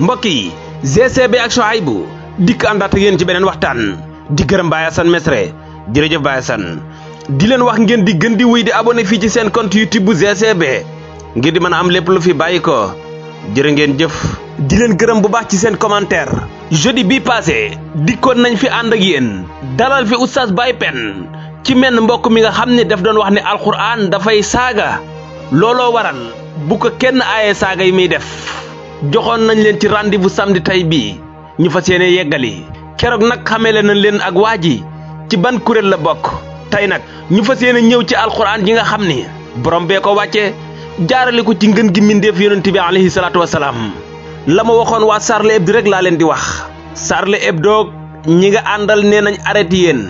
mbokk yi GCB ak Souhaïbou dikk àndaat ak yéen ci beneen waxtaan di gërëm Baye Assane Mesre jërëjëf Baye Assane di leen wax ngeen di gën di wuy di abonné fii ci seen compte YouTube bu GCB ngir di mën a am lépp lu fi bàyyi ko ngeen jëf di leen gërëm bu baax ci seen commentaire jeudi bi passé dikkoon nañ fi ànd ak yéen dalal fi oustaz Baye Pène ci menn mbokk mi nga xam ne daf doon wax ne alxuraan dafay saaga looloo waral bu ko kenn aaye saaga yi muy def joxoon nañ leen ci rendez-vous samdi tey bii ñu fas yéene yeggali keroog nag xamele nañ leen ak waa ji ci ban kuréel la bokk tey nag ñu fas yéene ñëw ci alxuraan ji nga xam ni borom bee ko wàcce jaarale ko ci ngën gi mbindeef yonent bi alayhi salaatu wasalaam la ma waxoon waa Charlie Hebdo rek laa leen di wax Charlie doog ñi nga àndal nee nañ arrêté yéen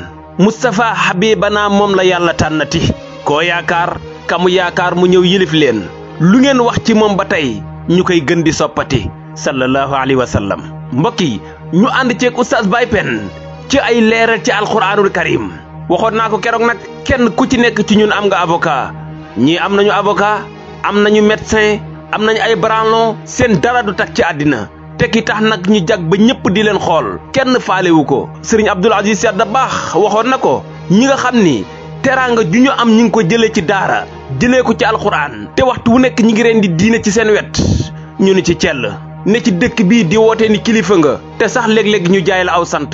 Moustapha Habibana moom la yàlla tànnati koo yaakaar kamu yaakaar mu ñëw yilif leen lu ngeen wax ci moom ba tey ñu koy gën di soppati sallallahu alayhi wa sallam mbokk yi ñu ànd ceeg oustaz Baye Pène ci ay leeral ci alquranul karim waxoon naa ko keroog nag kenn ku ci nekk ci ñun am nga avocat ñii am nañu avocat am nañu médecin am nañu ay branlon seen dara du tak ci àddina tekki tax nag ñu jag ba ñëpp di leen xool kenn faalewu ko sëriñ Abdul Aziz Sy Dabakh waxoon na ko ñi nga xam ni teraanga ju ñu am ñu ngi ko jëlee ci daara jëlee ko ci alxuraan te waxtu wu nekk ñi ngi leen di diine ci seen wet ñu ni ci cell ne ci dëkk bii di woote ni kilifa nga te sax léeg-léeg ñu jaay la aw sant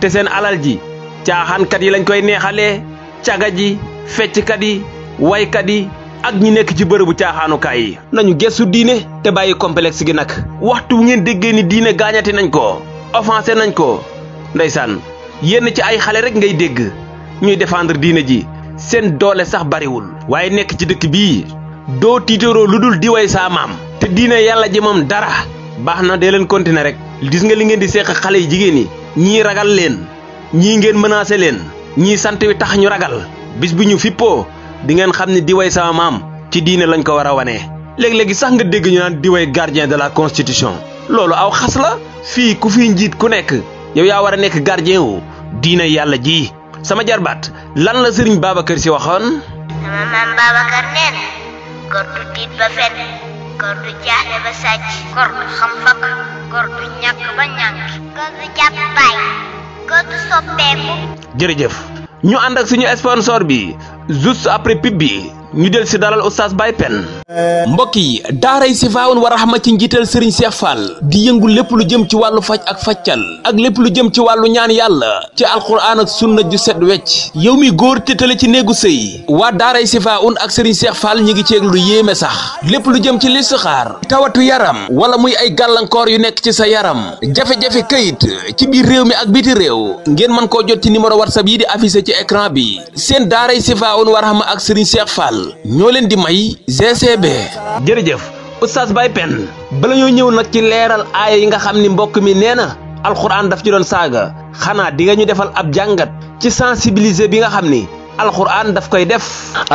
te seen alal ji caaxaankat yi lañ koy neexalee caga ji fecckat yi waykat yi ak ñi nekk ci bërëbu caaxaanukaay yi nañu gestu diine te bàyyi complexe gi nag waxtu wu ngeen déggee ni diine gaañati nañ ko offensé nañ ko ndeysaan yenn ci ay xale rek ngay dégg ñuy défendre diine ji seen doole sax bariwul waaye nekk ci dëkk bii doo tiitaroo lu dul di way saa maam te diina yàlla ji moom dara baax na dee leen continuer rek gis nga li ngeen di seq xale yi jigéen yi ñii ragal leen ñii ngeen menacé leen ñii sant wi tax ñu ragal bis bu ñu fippoo di ngeen xam ne di way sama maam ci diina lañ ko war a wane. léeg-léegi sax nga dégg ñu naan di way gardien de la constitution loolu aw xas la fii ku fi njiit ku nekk yow yaa war a nekk gardien wu diine yàlla ji. sama jarbaat lan la sëriñ Babacar ci waxoon. sama maam Babacar nee na du tiit ba fen gor du jaaxle ba sàcc gor du xam fakk du ñàkk ba ñànk gor du jàpp baay gor du soppeeku. jërëjëf ñu ànd ak suñu sponsor bi juste après pub bi ñu del si dalal oustaz Baye Pen. mbokk yi daaray Sifaawoon wa raxma ci njiital sëriñ Seex Faal di yëngul lépp lu jëm ci wàllu faj ak fajcal ak lépp lu jëm ci wàllu ñaan yàlla ci alxuraan ak sunna ju set wecc yow mi góor te tële ci néegu sëy waa daaray Sifaawoon ak sëriñ Seex Faal ñi ngi ceeg lu yéeme sax lépp lu jëm ci listixaar tawatu yaram wala muy ay gàllankoor yu nekk ci sa yaram jafe-jafe këyit ci biir réew mi ak biti réew ngeen mën koo jot ci numéro whatsapp yi di affiché ci écran bi seen daaray Sifaawoon wa ak sëriñ Seex be jërëjëf oustaz Baye Pène bala ñëw nag ci leeral aaya yi nga xam ni mbokk mi nee na alxuraan daf ci doon saaga xanaa di nga ñu defal ab jàngat ci sensibiliser bi nga xam ni alqur'an daf koy def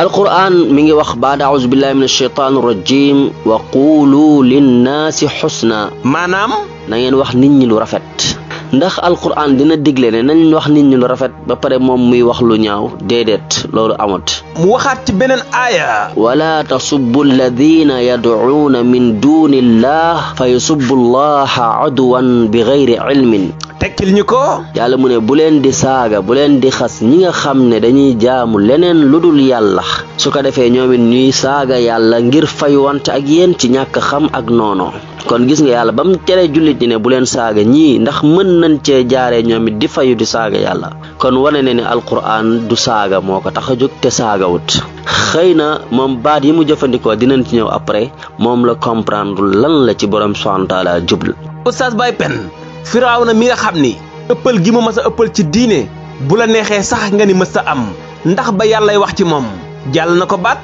alqur'an mi ngi wax baad auzu billahi min alcheytaan rajim wa quulu linnaasi xusna maanaam na ngeen wax nit ñi lu rafet ndax alquran dina digle ne nañ wax nit ñi lu rafet ba pare moom muy wax lu ñaaw déedéet loolu amut mu waxaat ci beneen aaya wala tasubbu alladina yadcuuna min duni illah fa yusubbu allaha adwan bi gayri ilmin tekkil ñu ko yàlla mu ne bu leen di saaga bu leen di xas ñi nga xam ne dañuy jaamu leneen lu dul yàlla su ko defee ñoomit it ñuy saaga yàlla ngir fay wante ak yéen ci ñàkk xam ak noono kon gis nga yàlla ba mu tere jullit ñi ne bu leen saaga ñii ndax mën nañ cee jaaree ñoom it di fayu di saaga yàlla kon wane ne ni alquran du saaga moo ko tax a jóg te saagawut xëy na moom baat yi mu jëfandikoo dinañ ci ñëw après moom la comprendre lan la ci borom subhanahu wa firawna mi nga xam ni ëppël gi mu mës a ëppal ci diine bu la neexee sax nga ni mës a am ndax ba yàllay wax ci moom jàll na ko baat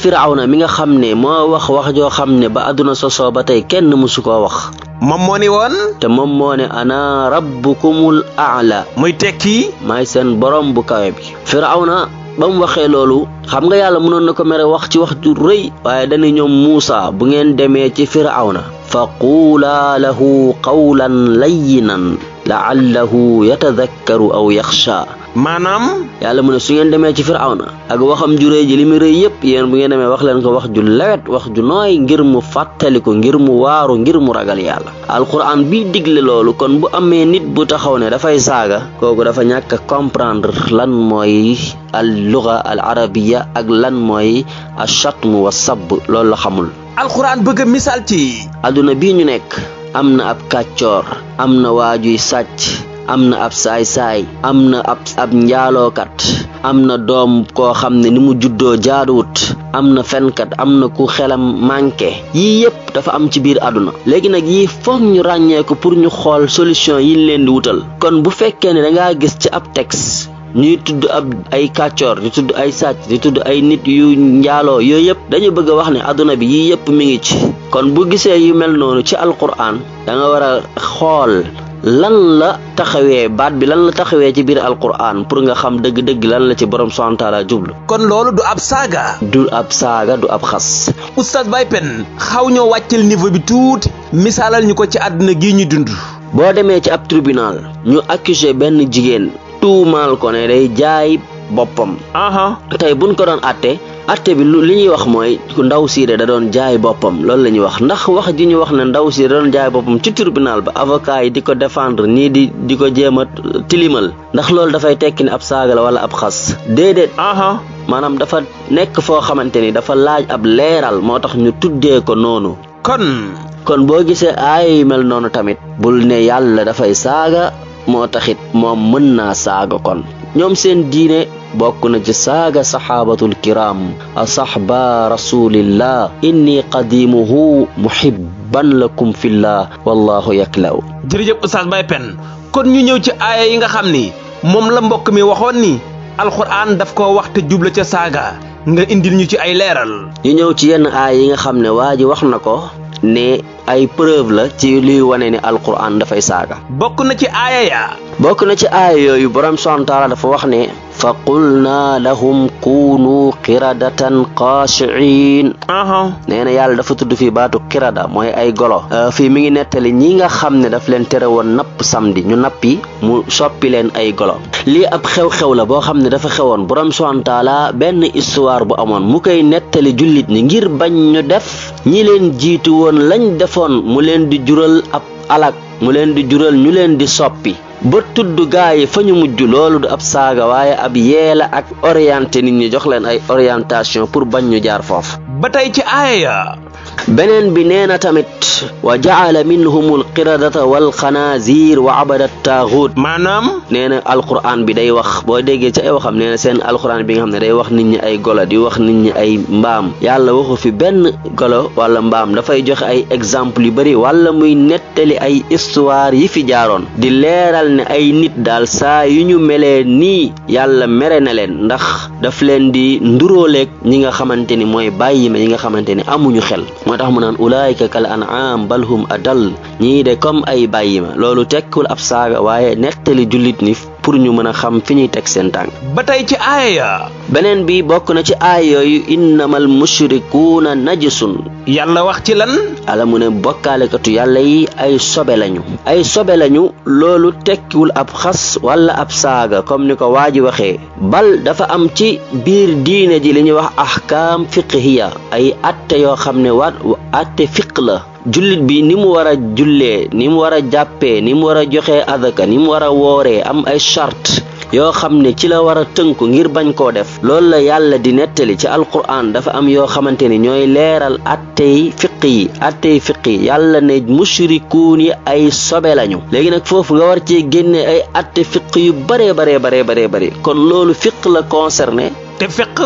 firawna mi nga xam ne moo wax wax joo xam ne ba àdduna sosoo ba tey kenn mësu koo wax moom moo ni woon te moom moo ne ana rabbukumul aala muy tekki maay seen borom bu kawe bi firawna ba mu waxee loolu xam nga yàlla mënoon na ko mere wax ci wax ju rëy waaye dañu ñoom Muusa bu ngeen demee ci firawna فقولا له قولا لينا la'allahu yatadakkaru aw yaxsha maanaam yàlla mu ne su ngeen demee ci firawna ak waxam ju rëy ji li mu rëy yëpp yéen bu ngeen demee wax leen ko wax ju lewet wax ju nooy ngir mu fàttaliku ngir mu waaru ngir mu ragal yàlla alquran bi digle loolu kon bu amee nit bu taxaw ne dafay saaga kooku dafa ñàkk a comprendre lan mooy al luga arabiya ak lan mooy achatmu wa sabb loolu la xamul alquran bëgg misaal ci adduna bii ñu nekk am na ab kàccoor am na waajuy sàcc am na ab saay-saay am na ab ab njaalookat am na doom koo xam ne ni mu juddoo jaaduwut am na fenkat am na ku xelam manqué yii yépp dafa am ci biir àdduna léegi nag yii foog ñu ràññee ko pour ñu xool solution yi leen di wutal kon bu fekkee ne danga gis ci ab tex ñuy tudd ab ay kàccoor di tudd ay sàcc di tudd ay nit yu njaaloo yooyu yëpp dañu bëgg a wax ne àdduna bi yii yëpp mi ngi ci kon bu gisee yu mel noonu ci alquran da nga war a xool lan la taxawee baat bi lan la taxawee ci biir alquran pour nga xam dëgg-dëgg lan la ci borom subhaanahu jublu kon loolu du ab saaga du ab saaga du ab xas oustaz Baye Pène xaw ñoo wàccel niveau bi tuuti misaalal ñu ko ci àdduna gi ñu dund boo demee ci ab tribunal ñu accusé benn jigéen tuumaal ko ne day jaay boppam. tey buñ ko doon àtte atte bi lu li ñuy wax mooy ndaw sii de da doon jaay boppam loolu la ñuy wax ndax wax ji ñu wax ne ndaw sii da doon jaay boppam ci tribunal ba avocat yi di ko défendre nii di di ko jéema tilimal ndax loolu dafay tekki ne ab saaga la wala ab xas déedéet. maanaam dafa nekk foo xamante ni dafa laaj ab leeral moo tax ñu tuddee ko noonu. kon. kon boo gisee ay mel noonu tamit. bul ne yàlla dafay saaga. moo taxit moom mën naa saaga kon ñoom seen diine bokk na ci saaga saxaabatul kiram asaxba rasulillah inni qadimuhu muhibban lakum la wallahu yaklaw jërëjëf oustaz Mbaye Pène kon ñu ñëw ci aaya yi nga xam ni moom la mbokk mi waxoon ni alxuraan daf ko wax te juble ca saaga nga indil ñu ci ay leeral ñu ñëw ci yenn aaya yi nga xam ne waa ji wax na ko ne ay preuve la ci luy wane ni alquran dafay saaga bokk na ci aaya ya bokk na ci aaya yooyu borom subhaanahu dafa wax ne fa qulnaa lahum kuunu qiradatan qaashiin nee yàlla dafa tudd fii baatu kirada mooy ay golo euh, fii mu ngi nettali ñi nga xam ne dafa leen tere woon napp samedi ñu nappi mu soppi leen ay golo lii ab xew-xew la boo xam ne dafa xewoon borom subhaanahu benn histoire bu amoon mu koy nettali jullit ñi ngir bañ ñu def ñi leen jiitu woon lañ defoon mu leen di jural ab alak mu leen di jural ñu leen di soppi ba tudd gaa yi fa ñu mujj loolu ab saaga waaye ab yeela ak orienté nit ñi jox leen ay orientation pour bañ ñu jaar foofu. ba tey ci aaya beneen bi nee na tamit taaxut wa jaala minhum alqiradata walxanaazir wa abada taaxut maanaam nee na alquran bi day wax boo déggee ci ay waxam nee na seen alquran bi nga xam ne day wax nit ñi ay golo di wax nit ñi ay mbaam yàlla waxu fi benn golo wala mbaam dafay joxe ay exemple yu bari walla muy nettali ay histoire yi fi jaaroon di leeral ne ay nit daal saa yu ñu melee nii yàlla mere na leen ndax dafa leen di ndurooleek ñi nga xamante ni mooy bàyyi ma ñi nga xamante ni amuñu xel naam balhum adal ñii de comme ay bàyyima loolu tekkul ab saaga waaye nettali jullit ni pour ñu mën a xam fi ñuy teg seen tànk ba tey ci aaya ya beneen bii bokk na ci aaya yooyu innamal mushrikuuna najisun yàlla wax ci lan ala mu ne bokkaalekatu yàlla yi ay sobe lañu ay sobe lañu loolu tekkiwul ab xas wala ab saaga comme ni ko waa ji waxee bal dafa am ci biir diine ji li ñuy wax ahkaam fiqhiya ay atte yoo xam ne waat atte fiq la jullit bi ni mu war a jullee ni mu war a jàppee ni mu war a joxee adaka ni mu war a wooree am ay charte yoo xam ne ci la war a tënku ngir bañ koo def loolu la yàlla di nettali ci alquran dafa am yoo xamante ni ñooy leeral attey fiq yi attey fiq yi yàlla ne mushrikuun yi ay sobe lañu léegi nag foofu nga war cee génne ay atte fiq yu baree baree baree baree baree kon loolu fiq la concerné te fiq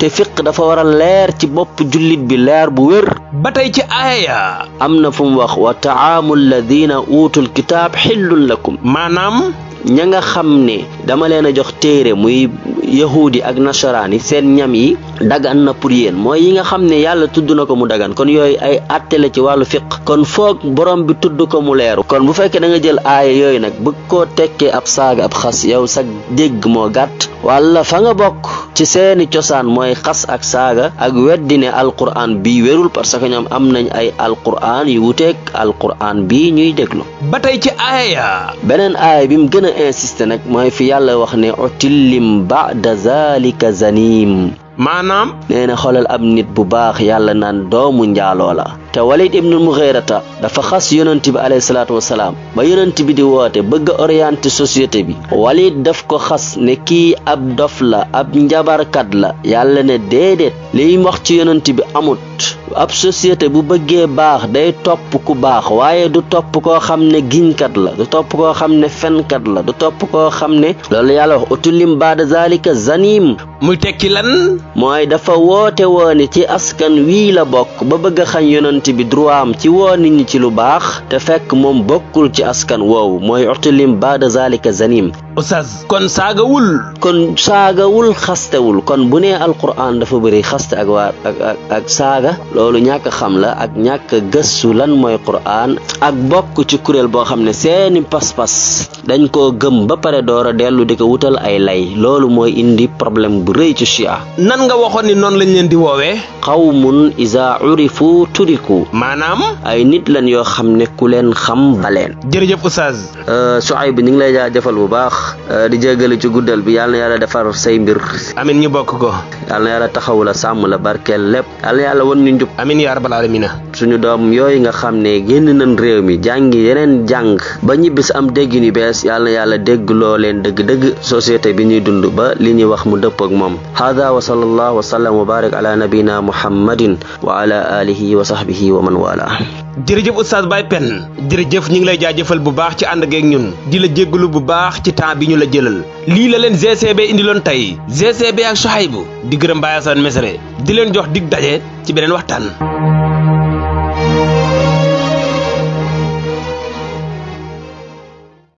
te fiq dafa war a leer ci boppu jullit bi leer bu wér ba tey ci aaya am na fu mu wax wa taamu alladina uutul kitaab xillun lakum maanaam ña nga xam ne dama leen a jox téere muy yahuudi ak nasaraan yi seen ñam yi dagan na pour yéen mooy yi nga xam ne yàlla tudd na ko mu dagan kon yooyu ay àtte ci wàllu fiq kon foog borom bi tudd ko mu leeru kon bu fekkee da nga jël aaya yooyu nag bëgg koo tekkee ab saaga ab xas yow sag dégg moo gàtt walla fa nga bokk ci seeni cosaan mooy xas ak saaga ak weddi ne alquraan bii wérul parce ñoom am nañ ay alquraan yu wuteeg alquraan bii ñuy déglu ba tey ci aaya beneen aaya bi mu gën a insisté nag mooy fi yàlla wax ne utillim ba'da zalika zanim maanaam nee na xoolal ab nit bu baax yàlla naan doomu njaaloo la te walid ibnul muxeerata dafa xas yonent bi alayhi salaatu wasalaam ba yonent bi di woote bëgg a orienté société bi walid daf ko xas ne kii ab dof la ab njabarkat la yàlla ne déedéet liy wax ci yonent bi amut ab société bu bëggee baax day topp ku baax waaye du topp koo xam ne giñkat la du topp koo xam ne fenkat la du topp koo xam ne loolu yàlla wax utulim baada zalika zanim muy tekki lan mooy dafa woote wooni ci askan wii la bokk ba bëgg a xañ yonent bi droit am ci woo nit ñi ci lu baax te fekk moom bokkul ci askan woowu mooy utulim baada zalika zanim Oustaz kon saagawul kon saagawul xastewul kon bu nee alquran dafa bëri xaste ak waa ak saaga loolu ñàkk xam la ak ñàkk gëstu lan mooy Qur'an ak bokk ci kuréel boo xam ne seeni pas-pas dañ koo gëm ba pare door a dellu di ko wutal ay lay loolu mooy indi problème bu rëy ci chia nan nga waxoon ni noonu lañ leen di woowee qawmun isa urifu turiku maanaam ay nit lan yoo xam ne ku leen xam baleen jërëjëf oustaz euh, Suayb bi ñu ngi lay jëfal bu baax euh, di jégalu ci guddal bi yàlla na yàlla defar say mbir amin ñu bokk ko yàlla na yàlla taxaw la sàmm la barkeel jub amin yaa rabbal suñu doom yooyu nga xam ne génn nañ réew mi jàngi yeneen jàng ba ñibbisi am dégg ni bees yàlla na yàlla dégg loo leen dëgg-dëgg société bi ñuy dund ba li ñuy wax mu dëpp ak moom hada wa sallallahu wa sallam wa barak ala nabina muhammadin wa ala alihi wa sahbihi wa man wala jërëjëf oustaz Baye Penn jërëjëf ñu ngi lay jaajëfal bu baax ci ànd geeg ñun di la jéggalu bu baax ci temps bi ñu la jëlal lii la leen GCB indiloon tey GCB ak Souhaïbou di gërëm Baye Assane Mesere di leen jox dig daje ci beneen waxtaan